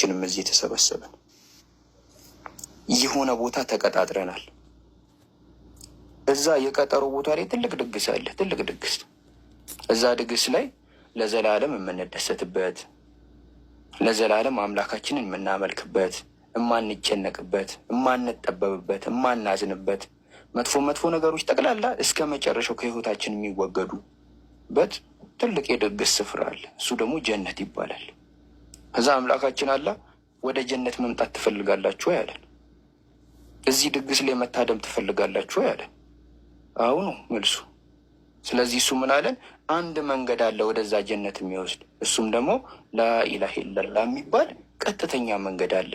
ሁላችንም እዚህ የተሰበሰብን የሆነ ቦታ ተቀጣጥረናል። እዛ የቀጠሮ ቦታ ላይ ትልቅ ድግስ አለ። ትልቅ ድግስ እዛ ድግስ ላይ ለዘላለም የምንደሰትበት ለዘላለም አምላካችንን የምናመልክበት የማንጨነቅበት፣ የማንጠበብበት፣ የማናዝንበት መጥፎ መጥፎ ነገሮች ጠቅላላ እስከ መጨረሻው ከህይወታችን የሚወገዱበት ትልቅ የድግስ ስፍራ አለ። እሱ ደግሞ ጀነት ይባላል። እዛ አምላካችን አላ ወደ ጀነት መምጣት ትፈልጋላችሁ ያለን፣ እዚህ ድግስ ላይ መታደም ትፈልጋላችሁ ያለን አሁኑ መልሱ። ስለዚህ እሱ ምን አለን? አንድ መንገድ አለ ወደዛ ጀነት የሚወስድ እሱም ደግሞ ላኢላህ ኢለላ የሚባል ቀጥተኛ መንገድ አለ።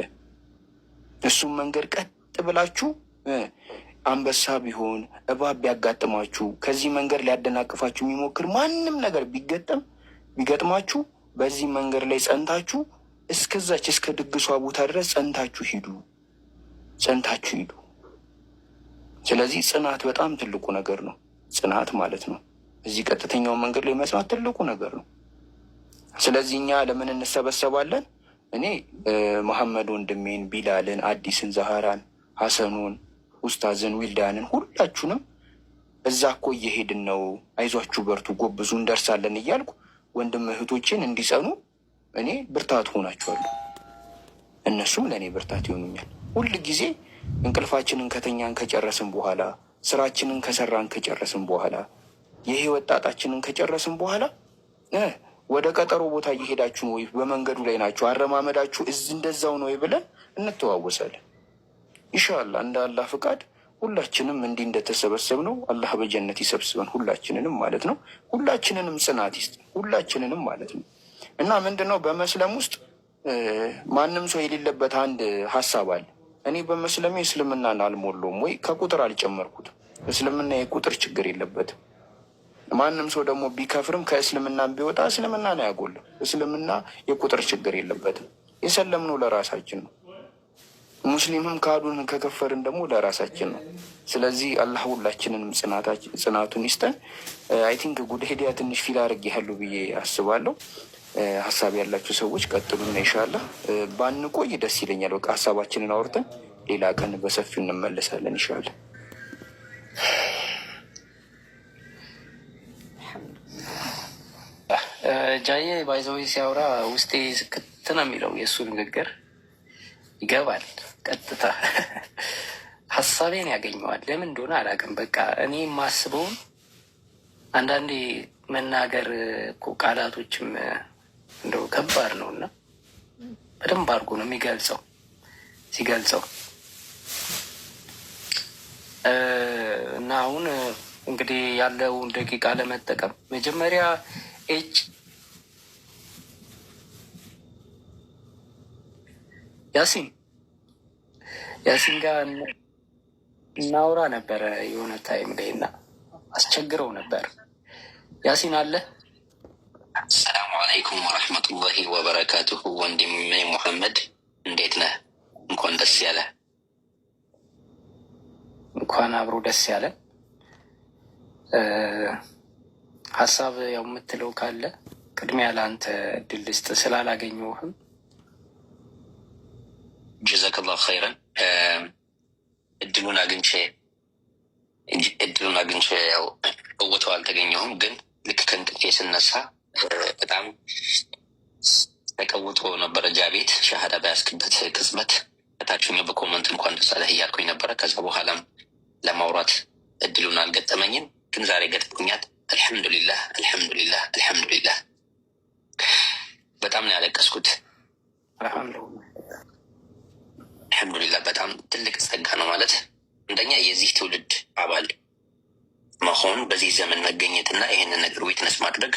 እሱም መንገድ ቀጥ ብላችሁ አንበሳ ቢሆን እባብ ቢያጋጥማችሁ ከዚህ መንገድ ሊያደናቅፋችሁ የሚሞክር ማንም ነገር ቢገጠም ቢገጥማችሁ በዚህ መንገድ ላይ ጸንታችሁ እስከዛች እስከ ድግሷ ቦታ ድረስ ጸንታችሁ ሂዱ፣ ጸንታችሁ ሂዱ። ስለዚህ ጽናት በጣም ትልቁ ነገር ነው። ጽናት ማለት ነው እዚህ ቀጥተኛው መንገድ ላይ መጽናት ትልቁ ነገር ነው። ስለዚህ እኛ ለምን እንሰበሰባለን? እኔ መሐመድ ወንድሜን፣ ቢላልን፣ አዲስን፣ ዛህራን፣ ሀሰኑን፣ ኡስታዝን፣ ዊልዳንን ሁላችሁንም እዛ እኮ እየሄድን ነው አይዟችሁ፣ በርቱ፣ ጎብዙ፣ እንደርሳለን እያልኩ ወንድም እህቶችን እንዲጸኑ እኔ ብርታት ሆናቸዋለሁ፣ እነሱም ለእኔ ብርታት ይሆኑኛል። ሁል ጊዜ እንቅልፋችንን ከተኛን ከጨረስን በኋላ ስራችንን ከሰራን ከጨረስን በኋላ የህይወት ጣጣችንን ከጨረስን በኋላ ወደ ቀጠሮ ቦታ እየሄዳችሁ ወይ በመንገዱ ላይ ናችሁ አረማመዳችሁ እዚህ እንደዛው ነው ወይ ብለን እንተዋወሳለን። ኢንሻላህ እንደ አላህ ፍቃድ ሁላችንም እንዲህ እንደተሰበሰብ ነው አላህ በጀነት ይሰብስበን ሁላችንንም ማለት ነው። ሁላችንንም ጽናት ይስጥ ሁላችንንም ማለት ነው። እና ምንድነው በመስለም ውስጥ ማንም ሰው የሌለበት አንድ ሀሳብ አለ። እኔ በመስለሜ እስልምናን አልሞላውም ወይ ከቁጥር አልጨመርኩትም። እስልምና የቁጥር ችግር የለበትም። ማንም ሰው ደግሞ ቢከፍርም ከእስልምና ቢወጣ እስልምናን አያጎልም። እስልምና የቁጥር ችግር የለበትም። የሰለምነው ለራሳችን ነው። ሙስሊምም ካሉን ከከፈርን ደግሞ ለራሳችን ነው። ስለዚህ አላህ ሁላችንንም ጽናቱን ይስጠን። አይ ቲንክ ጉድ ሂዲያ ትንሽ ፊል አድርጌያለሁ ብዬ አስባለሁ። ሀሳብ ያላችሁ ሰዎች ቀጥሉና ይሻላ ባንቆይ ደስ ይለኛል። በቃ ሀሳባችንን አውርተን ሌላ ቀን በሰፊው እንመለሳለን ይሻለ ጃዬ ባይዘወይ ሲያወራ ውስጤ ስክት ነው የሚለው የእሱ ንግግር ይገባል። ቀጥታ ሀሳቤን ያገኘዋል። ለምን እንደሆነ አላውቅም። በቃ እኔ የማስበውን አንዳንዴ መናገር እኮ ቃላቶችም እንደው ከባድ ነው እና በደንብ አድርጎ ነው የሚገልጸው ሲገልጸው እና አሁን እንግዲህ ያለውን ደቂቃ ለመጠቀም መጀመሪያ ኤች ያሲን ያሲን ጋር እናውራ ነበረ የሆነ ታይም ላይ እና አስቸግረው ነበር። ያሲን አለ። አሰላሙ አለይኩም ወረሕመቱላሂ ወበረካቱሁ። ወንድሜ ሙሐመድ እንዴት ነህ? እንኳን ደስ ያለ እንኳን አብሮ ደስ ያለ። ሀሳብ ያው የምትለው ካለ ቅድሚያ ለአንተ እድል ስጥ ስላላገኘሁህም ጀዛከላሁ ኸይረን እድሉን አግኝቼ እድሉን አግኝቼ ያው እወተው አልተገኘሁም፣ ግን ልክ ከእንቅልፌ ስነሳ በጣም ተቀውጦ ነበረ። እዛ ቤት ሻሃዳ ባያስክበት ቅጽበት ከታችኛ በኮመንት እንኳን ደስ አለህ እያልኩኝ ነበረ። ከዛ በኋላም ለማውራት እድሉን አልገጠመኝም፣ ግን ዛሬ ገጠመኛት። አልሐምዱሊላህ አልሐምዱሊላህ አልሐምዱሊላህ። በጣም ነው ያለቀስኩት። አልሐምዱሊላ በጣም ትልቅ ጸጋ ነው ማለት አንደኛ የዚህ ትውልድ አባል መሆን በዚህ ዘመን መገኘትና ይህንን ነገር ዊትነስ ማድረግ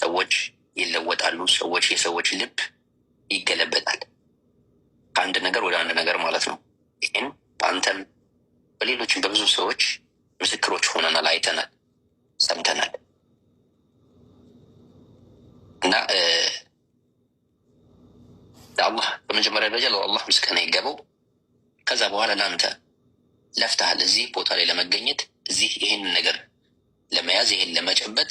ሰዎች ይለወጣሉ። ሰዎች የሰዎች ልብ ይገለበጣል ከአንድ ነገር ወደ አንድ ነገር ማለት ነው። ይህን በአንተም በሌሎችም በብዙ ሰዎች ምስክሮች ሆነናል፣ አይተናል፣ ሰምተናል እና ለአላህ በመጀመሪያ ደረጃ ለአላህ ምስጋና ይገባው። ከዛ በኋላ ለአንተ ለፍተሃል እዚህ ቦታ ላይ ለመገኘት እዚህ ይህን ነገር ለመያዝ ይህን ለመጨበጥ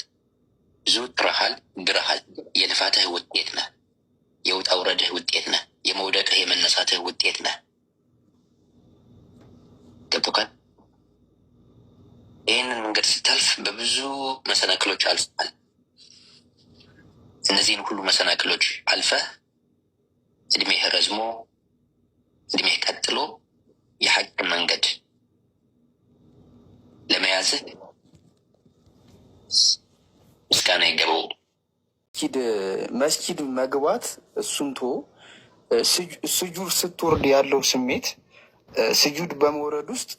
ብዙ ጥረሃል፣ ግረሃል። የልፋትህ ውጤት ነህ። የውጣ ውረድህ ውጤት ነህ። የመውደቅህ የመነሳትህ ውጤት ነህ። ገብቶካል። ይህንን መንገድ ስታልፍ በብዙ መሰናክሎች አልፈሃል። እነዚህን ሁሉ መሰናክሎች አልፈህ እድሜህ ረዝሞ እድሜህ ቀጥሎ የሐቅን መንገድ ለመያዝህ ምስጋና ይገባው። መስጊድ መግባት እሱን ቶ ስጁድ ስትወርድ ያለው ስሜት ስጁድ በመውረድ ውስጥ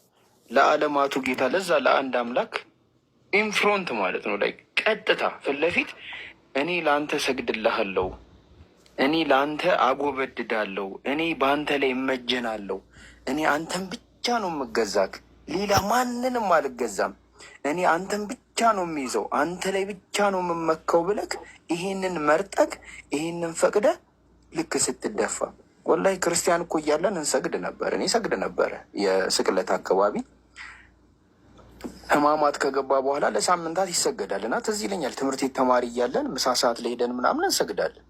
ለዓለማቱ ጌታ ለዛ ለአንድ አምላክ ኢንፍሮንት ማለት ነው ላይ ቀጥታ ፊት ለፊት እኔ ለአንተ ሰግድልሃለሁ እኔ ለአንተ አጎበድዳለሁ፣ እኔ በአንተ ላይ እመጀናለሁ። እኔ አንተን ብቻ ነው የምገዛክ፣ ሌላ ማንንም አልገዛም። እኔ አንተን ብቻ ነው የሚይዘው፣ አንተ ላይ ብቻ ነው የምመካው ብለክ ይሄንን መርጠክ ይሄንን ፈቅደ ልክ ስትደፋ ወላይ ክርስቲያን እኮ እያለን እንሰግድ ነበር። እኔ ሰግድ ነበረ የስቅለት አካባቢ ህማማት ከገባ በኋላ ለሳምንታት ይሰገዳል እና ትዝ ይለኛል ትምህርት ቤት ተማሪ እያለን ምሳ ሰዓት ምናምን እንሰግዳለን።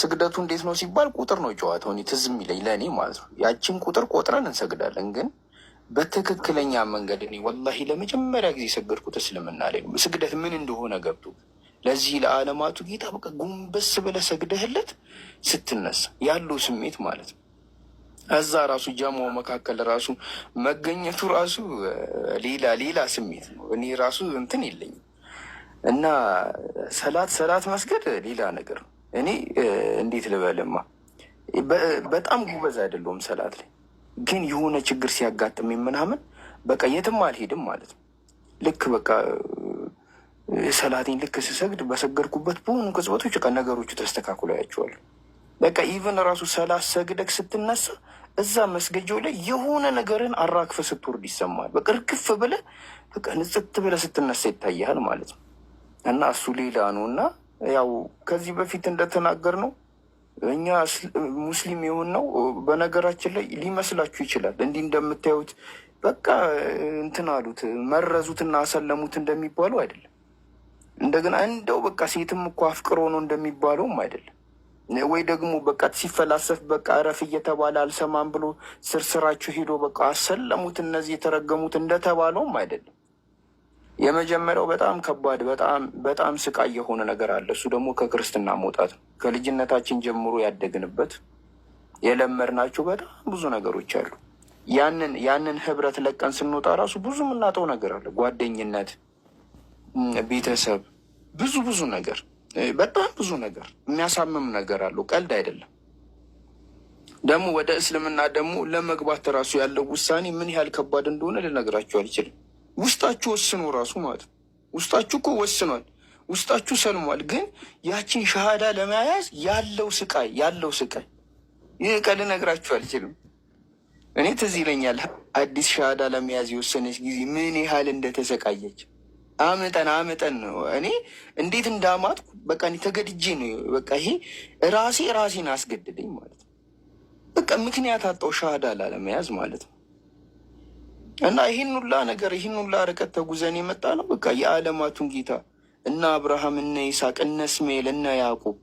ስግደቱ እንዴት ነው ሲባል ቁጥር ነው ጨዋታው። ትዝ የሚለኝ ለእኔ ማለት ነው ያችን ቁጥር ቆጥረን እንሰግዳለን። ግን በትክክለኛ መንገድ እኔ ወላሂ ለመጀመሪያ ጊዜ የሰገድኩት እስልምና ላይ ስግደት ምን እንደሆነ ገብቶ ለዚህ ለዓለማቱ ጌታ በቃ ጉንበስ ብለህ ሰግደህለት ስትነሳ ያለው ስሜት ማለት ነው። እዛ ራሱ ጃማው መካከል ራሱ መገኘቱ ራሱ ሌላ ሌላ ስሜት ነው። እኔ ራሱ እንትን የለኝም እና ሰላት ሰላት መስገድ ሌላ ነገር ነው። እኔ እንዴት ልበልማ በጣም ጉበዝ አይደለሁም ሰላት ላይ ግን የሆነ ችግር ሲያጋጥመኝ ምናምን በቃ የትም አልሄድም ማለት ነው። ልክ በቃ ሰላቴን ልክ ስሰግድ በሰገድኩበት በሆኑ ቅጽበቶች በቃ ነገሮቹ ተስተካክሎ ያቸዋል። በቃ ኢቨን ራሱ ሰላት ሰግደግ ስትነሳ እዛ መስገጃው ላይ የሆነ ነገርን አራክፈ ስትወርድ ይሰማል። በቃ እርግፍ በቃ ንጽት ብለ ስትነሳ ይታያል ማለት ነው እና እሱ ሌላ ነው እና ያው ከዚህ በፊት እንደተናገር ነው እኛ ሙስሊም የሆን ነው። በነገራችን ላይ ሊመስላችሁ ይችላል እንዲህ እንደምታዩት በቃ እንትን አሉት መረዙትና አሰለሙት እንደሚባለው አይደለም። እንደገና እንደው በቃ ሴትም እኮ አፍቅሮ ነው እንደሚባለውም አይደለም። ወይ ደግሞ በቃ ሲፈላሰፍ በቃ እረፍ እየተባለ አልሰማም ብሎ ስርስራችሁ ሄዶ በቃ አሰለሙት እነዚህ የተረገሙት እንደተባለውም አይደለም። የመጀመሪያው በጣም ከባድ በጣም በጣም ስቃይ የሆነ ነገር አለ። እሱ ደግሞ ከክርስትና መውጣት ነው። ከልጅነታችን ጀምሮ ያደግንበት የለመድናቸው በጣም ብዙ ነገሮች አሉ። ያንን ያንን ህብረት ለቀን ስንወጣ ራሱ ብዙ የምናጠው ነገር አለ። ጓደኝነት፣ ቤተሰብ፣ ብዙ ብዙ ነገር በጣም ብዙ ነገር የሚያሳምም ነገር አለው። ቀልድ አይደለም። ደግሞ ወደ እስልምና ደግሞ ለመግባት ራሱ ያለው ውሳኔ ምን ያህል ከባድ እንደሆነ ልነግራቸው አልችልም። ውስጣችሁ ወስኖ ራሱ ማለት ነው። ውስጣችሁ እኮ ወስኗል፣ ውስጣችሁ ሰልሟል። ግን ያችን ሻሃዳ ለመያዝ ያለው ስቃይ ያለው ስቃይ ይህ ቀል ነግራችሁ አልችልም። እኔ ትዝ ይለኛል አዲስ ሻሃዳ ለመያዝ የወሰነች ጊዜ ምን ያህል እንደተሰቃየች አመጠን አመጠን ነው እኔ እንዴት እንዳማጥኩ በቃ ተገድጄ ነው በቃ ይሄ ራሴ ራሴን አስገድደኝ ማለት ነው። በቃ ምክንያት አጣው ሻሃዳ ላለመያዝ ማለት ነው። እና ይህን ሁላ ነገር ይህን ሁላ ርቀት ተጉዘን የመጣ ነው። በቃ የዓለማቱን ጌታ እነ አብርሃም እነ ይስሐቅ እነ እስማኤል እነ ያዕቆብ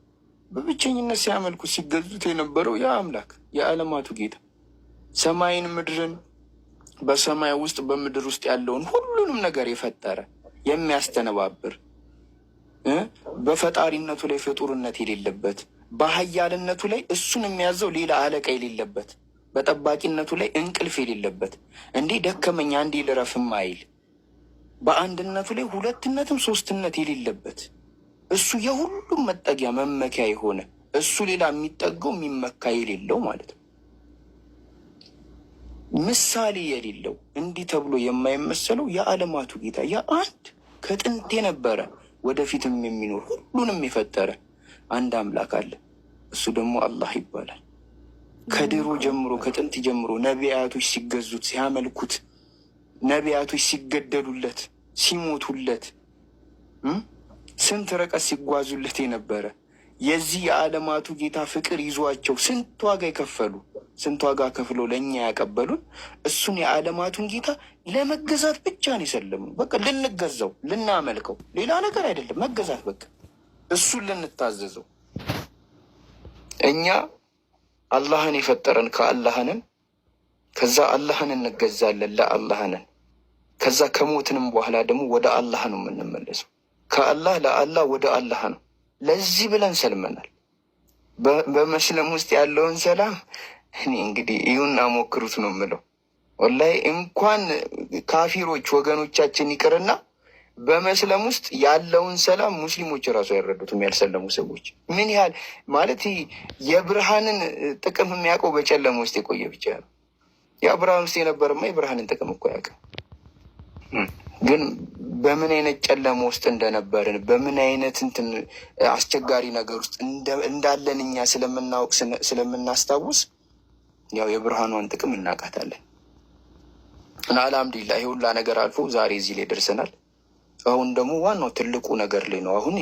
በብቸኝነት ሲያመልኩ ሲገዙት የነበረው ያ አምላክ የዓለማቱ ጌታ ሰማይን፣ ምድርን፣ በሰማይ ውስጥ በምድር ውስጥ ያለውን ሁሉንም ነገር የፈጠረ የሚያስተነባብር በፈጣሪነቱ ላይ ፍጡርነት የሌለበት በሀያልነቱ ላይ እሱን የሚያዘው ሌላ አለቃ የሌለበት በጠባቂነቱ ላይ እንቅልፍ የሌለበት እንዲህ ደከመኝ አንዴ ልረፍም አይል በአንድነቱ ላይ ሁለትነትም ሶስትነት የሌለበት እሱ የሁሉም መጠጊያ መመኪያ የሆነ እሱ ሌላ የሚጠገው የሚመካ የሌለው ማለት ነው። ምሳሌ የሌለው እንዲህ ተብሎ የማይመሰለው የዓለማቱ ጌታ የአንድ ከጥንት የነበረ ወደፊትም የሚኖር ሁሉንም የፈጠረ አንድ አምላክ አለ። እሱ ደግሞ አላህ ይባላል። ከድሮ ጀምሮ ከጥንት ጀምሮ ነቢያቶች ሲገዙት ሲያመልኩት፣ ነቢያቶች ሲገደሉለት ሲሞቱለት፣ ስንት ርቀት ሲጓዙለት የነበረ የዚህ የዓለማቱ ጌታ ፍቅር ይዟቸው ስንት ዋጋ የከፈሉ ስንት ዋጋ ከፍለው ለእኛ ያቀበሉን እሱን የዓለማቱን ጌታ ለመገዛት ብቻ ነው የሰለምነው። በቃ ልንገዛው፣ ልናመልከው፣ ሌላ ነገር አይደለም። መገዛት በቃ እሱን ልንታዘዘው እኛ አላህን የፈጠረን ከአላህንን ከዛ አላህን እንገዛለን ለአላህንን ከዛ ከሞትንም በኋላ ደግሞ ወደ አላህ ነው የምንመለሰው። ከአላህ ለአላህ ወደ አላህ ነው። ለዚህ ብለን ሰልመናል። በመስለም ውስጥ ያለውን ሰላም እኔ እንግዲህ ይሁን ሞክሩት ነው የምለው። ወላይ እንኳን ካፊሮች ወገኖቻችን ይቅርና በመስለም ውስጥ ያለውን ሰላም ሙስሊሞች ራሱ አይረዱትም። ያልሰለሙ ሰዎች ምን ያህል ማለት የብርሃንን ጥቅም የሚያውቀው በጨለማ ውስጥ የቆየ ብቻ ነው። ያ ብርሃን ውስጥ የነበረማ የብርሃንን ጥቅም እኮ ያውቅም። ግን በምን አይነት ጨለማ ውስጥ እንደነበርን በምን አይነት እንትን አስቸጋሪ ነገር ውስጥ እንዳለን እኛ ስለምናውቅ ስለምናስታውስ ያው የብርሃኗን ጥቅም እናውቃታለን። እና አልሐምዱሊላህ ይህ ሁላ ነገር አልፎ ዛሬ እዚህ ላይ ደርሰናል። አሁን ደግሞ ዋናው ትልቁ ነገር ላይ ነው አሁን